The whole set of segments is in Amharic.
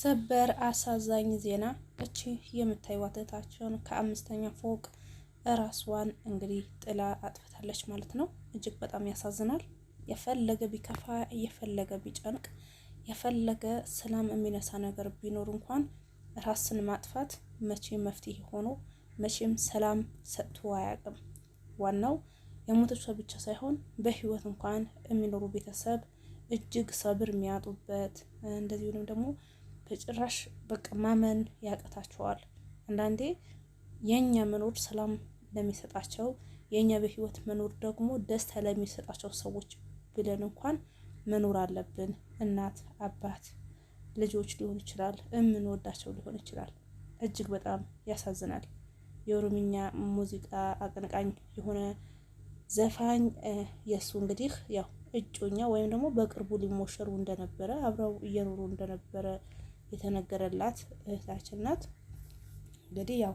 ሰበር አሳዛኝ ዜና እቺ የምታዩት እህታችን ከአምስተኛ ፎቅ ራስዋን እንግዲህ ጥላ አጥፍታለች ማለት ነው። እጅግ በጣም ያሳዝናል። የፈለገ ቢከፋ፣ የፈለገ ቢጨንቅ፣ የፈለገ ሰላም የሚነሳ ነገር ቢኖር እንኳን ራስን ማጥፋት መቼ መፍትሄ ሆኖ መቼም ሰላም ሰጥቶ አያውቅም። ዋናው የሞተች ብቻ ሳይሆን በህይወት እንኳን የሚኖሩ ቤተሰብ እጅግ ሰብር የሚያጡበት እንደዚሁም ደግሞ በጭራሽ በቃ ማመን ያቀታቸዋል አንዳንዴ የእኛ መኖር ሰላም ለሚሰጣቸው የእኛ በህይወት መኖር ደግሞ ደስታ ለሚሰጣቸው ሰዎች ብለን እንኳን መኖር አለብን። እናት፣ አባት፣ ልጆች ሊሆን ይችላል፣ የምንወዳቸው ሊሆን ይችላል። እጅግ በጣም ያሳዝናል። የኦሮምኛ ሙዚቃ አቀንቃኝ የሆነ ዘፋኝ የእሱ እንግዲህ ያው እጮኛ ወይም ደግሞ በቅርቡ ሊሞሸሩ እንደነበረ አብረው እየኖሩ እንደነበረ የተነገረላት እህታችን ናት። እንግዲህ ያው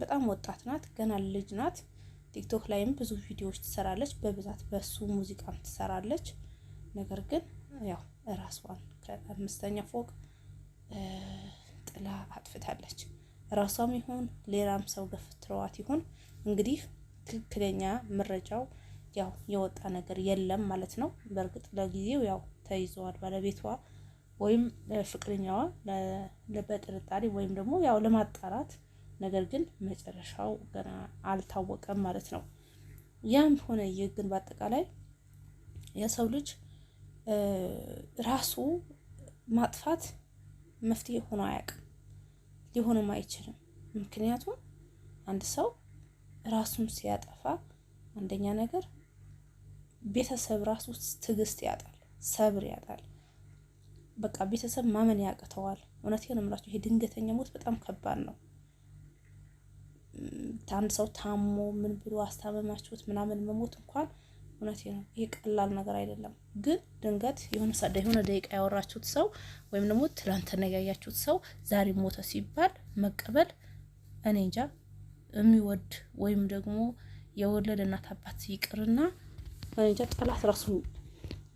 በጣም ወጣት ናት፣ ገና ልጅ ናት። ቲክቶክ ላይም ብዙ ቪዲዮዎች ትሰራለች፣ በብዛት በሱ ሙዚቃም ትሰራለች። ነገር ግን ያው ራሷን ከአምስተኛ ፎቅ ጥላ አጥፍታለች። ራሷም ይሁን ሌላም ሰው ገፍትረዋት ይሁን እንግዲህ ትክክለኛ መረጃው ያው የወጣ ነገር የለም ማለት ነው። በእርግጥ ለጊዜው ያው ተይዘዋል ባለቤቷ ወይም ፍቅረኛዋ በጥርጣሬ ወይም ደግሞ ያው ለማጣራት ነገር ግን መጨረሻው ገና አልታወቀም ማለት ነው። ያም ሆነ ይህ ግን በአጠቃላይ የሰው ልጅ ራሱ ማጥፋት መፍትሄ ሆኖ አያውቅም፣ ሊሆንም አይችልም። ምክንያቱም አንድ ሰው ራሱን ሲያጠፋ አንደኛ ነገር ቤተሰብ ራሱ ትዕግስት ያጣል፣ ሰብር ያጣል። በቃ ቤተሰብ ማመን ያቅተዋል። እውነቴን ነው የምላቸው፣ ይሄ ድንገተኛ ሞት በጣም ከባድ ነው። አንድ ሰው ታሞ ምን ብሎ አስታመማችሁት ምናምን መሞት እንኳን እውነቴ ነው ይሄ ቀላል ነገር አይደለም። ግን ድንገት የሆነ ሳዳ የሆነ ደቂቃ ያወራችሁት ሰው ወይም ደግሞ ትላንትና ያያችሁት ሰው ዛሬ ሞተ ሲባል መቀበል እኔ እንጃ የሚወድ ወይም ደግሞ የወለድ እናት አባት ይቅርና እኔ እንጃ ጠላት ራሱን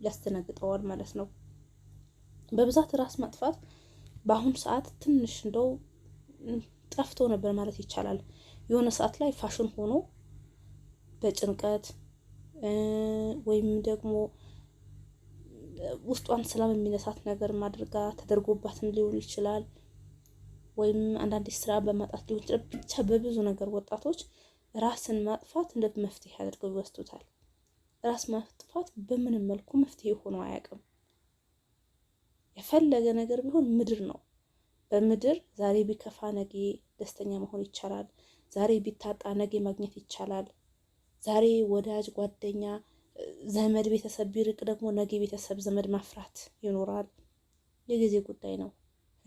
ያስተነግጠዋል ማለት ነው። በብዛት ራስ ማጥፋት በአሁኑ ሰዓት ትንሽ እንደው ጠፍቶ ነበር ማለት ይቻላል። የሆነ ሰዓት ላይ ፋሽን ሆኖ በጭንቀት ወይም ደግሞ ውስጧን ሰላም የሚነሳት ነገር ማድርጋ ተደርጎባትም ሊሆን ይችላል። ወይም አንዳንዴ ስራ በማጣት ሊሆን ይችላል። ብቻ በብዙ ነገር ወጣቶች ራስን ማጥፋት እንደ መፍትሄ አድርገው ይወስዱታል። ራስ ማጥፋት በምንም መልኩ መፍትሄ ሆኖ አያውቅም። የፈለገ ነገር ቢሆን ምድር ነው። በምድር ዛሬ ቢከፋ ነገ ደስተኛ መሆን ይቻላል። ዛሬ ቢታጣ ነገ ማግኘት ይቻላል። ዛሬ ወዳጅ፣ ጓደኛ፣ ዘመድ፣ ቤተሰብ ቢርቅ ደግሞ ነገ ቤተሰብ፣ ዘመድ ማፍራት ይኖራል። የጊዜ ጉዳይ ነው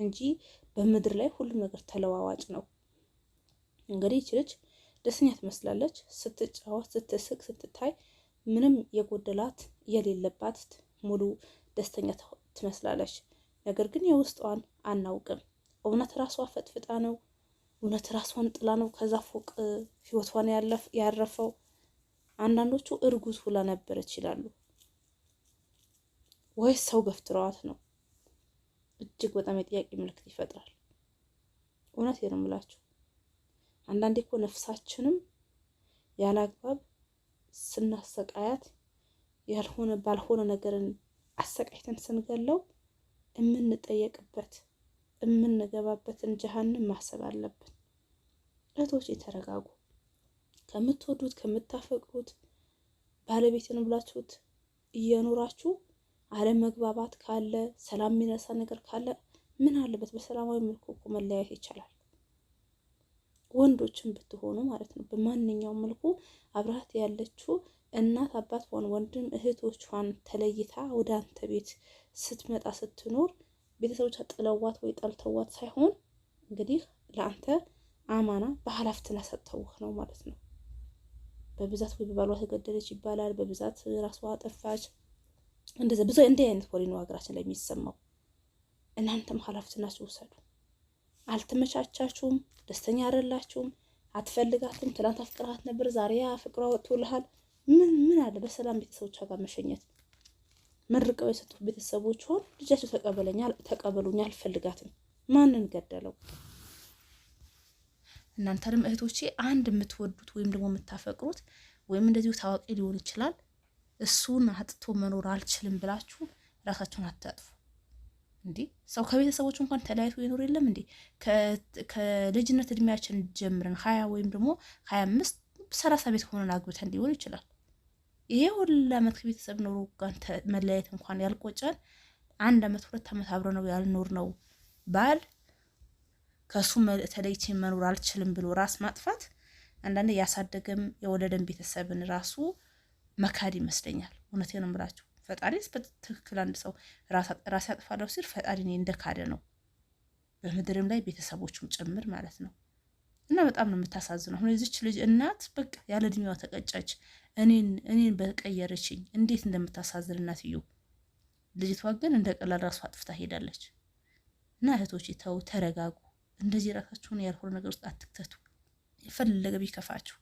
እንጂ በምድር ላይ ሁሉም ነገር ተለዋዋጭ ነው። እንግዲህ ይች ልጅ ደስተኛ ትመስላለች። ስትጫወት፣ ስትስቅ፣ ስትታይ ምንም የጎደላት የሌለባት ሙሉ ደስተኛ ትመስላለች። ነገር ግን የውስጧን አናውቅም። እውነት ራሷ ፈጥፍጣ ነው? እውነት ራሷን ጥላ ነው ከዛ ፎቅ ህይወቷን ያረፈው? አንዳንዶቹ እርጉዝ ሁላ ነበረች ይላሉ። ወይስ ሰው ገፍትረዋት ነው? እጅግ በጣም የጥያቄ ምልክት ይፈጥራል። እውነት ነው የምላችሁ። አንዳንዴ እኮ ነፍሳችንም ያለ አግባብ ስናሰቃያት ያልሆነ ባልሆነ ነገርን አሰቃይተን ስንገለው የምንጠየቅበት የምንገባበትን ጀሃንም ማሰብ አለብን። እህቶች የተረጋጉ ከምትወዱት ከምታፈቅሩት ባለቤትን ብላችሁት እየኖራችሁ አለመግባባት ካለ ሰላም የሚነሳ ነገር ካለ ምን አለበት? በሰላማዊ መልኩ እኮ መለያየት ይቻላል። ወንዶችን ብትሆኑ ማለት ነው። በማንኛውም መልኩ አብራት ያለችው እናት ሆን ወንድም እህቶቿን ተለይታ ወደ አንተ ቤት ስትመጣ ስትኖር ቤተሰቦቿ ጥለዋት ወይ ጠልተዋት ሳይሆን እንግዲህ ለአንተ አማና በኃላፊትና ሰጥተውህ ነው ማለት ነው። በብዛት ወይ በባሏ ተገደለች ይባላል። በብዛት ራሷ አጠፋች እንደዚ ብዙ እንዲህ አይነት ወሬ ነው ሀገራችን ላይ የሚሰማው። እናንተም ኃላፊትናችሁ ውሰዱ። አልተመቻቻችሁም፣ ደስተኛ አይደላችሁም፣ አትፈልጋትም። ትላንት አፍቅራት ነበር፣ ዛሬ ፍቅሯ ወጥቶልሃል። ምን ምን አለ በሰላም ቤተሰቦቿ ጋር መሸኘት መርቀው የሰጡት ቤተሰቦቿን ልጃቸው ተቀበለኛል ተቀበሉኝ አልፈልጋትም ማንን ገደለው እናንተንም እህቶቼ አንድ የምትወዱት ወይም ደግሞ የምታፈቅሩት ወይም እንደዚሁ ታዋቂ ሊሆን ይችላል እሱን አጥቶ መኖር አልችልም ብላችሁ ራሳችሁን አታጥፉ እንዴ ሰው ከቤተሰቦቹ እንኳን ተለያይቶ ይኖር የለም እንዴ ከልጅነት እድሜያችን ጀምረን ሀያ ወይም ደግሞ ሀያ አምስት ሰላሳ ቤት ሆነን አግብተን ሊሆን ይችላል ይሄ ሁሉ ዓመት ከቤተሰብ ኖሮ ጋር መለያየት እንኳን ያልቆጨን አንድ ዓመት ሁለት አመት አብረ ነው ያልኖር ነው ባል ከሱ ተለይቼ መኖር አልችልም ብሎ ራስ ማጥፋት አንዳንዴ ያሳደገም የወለደን ቤተሰብን ራሱ መካድ ይመስለኛል። እውነቴ ነው የምላችሁ። ፈጣሪ በትክክል አንድ ሰው ራስ ያጥፋለሁ ሲል ፈጣሪ እንደ ነው በምድርም ላይ ቤተሰቦቹም ጭምር ማለት ነው። እና በጣም ነው የምታሳዝነው። አሁን የዚች ልጅ እናት በቃ ያለ እድሜዋ ተቀጫች። እኔን እኔን በቀየረችኝ እንዴት እንደምታሳዝን እናትዮ። ልጅቷ ግን እንደ ቀላል ራሱ አጥፍታ ሄዳለች። እና እህቶች ተው፣ ተረጋጉ። እንደዚህ ራሳችሁን ያልሆነ ነገር ውስጥ አትክተቱ። የፈለገ ቢከፋችሁ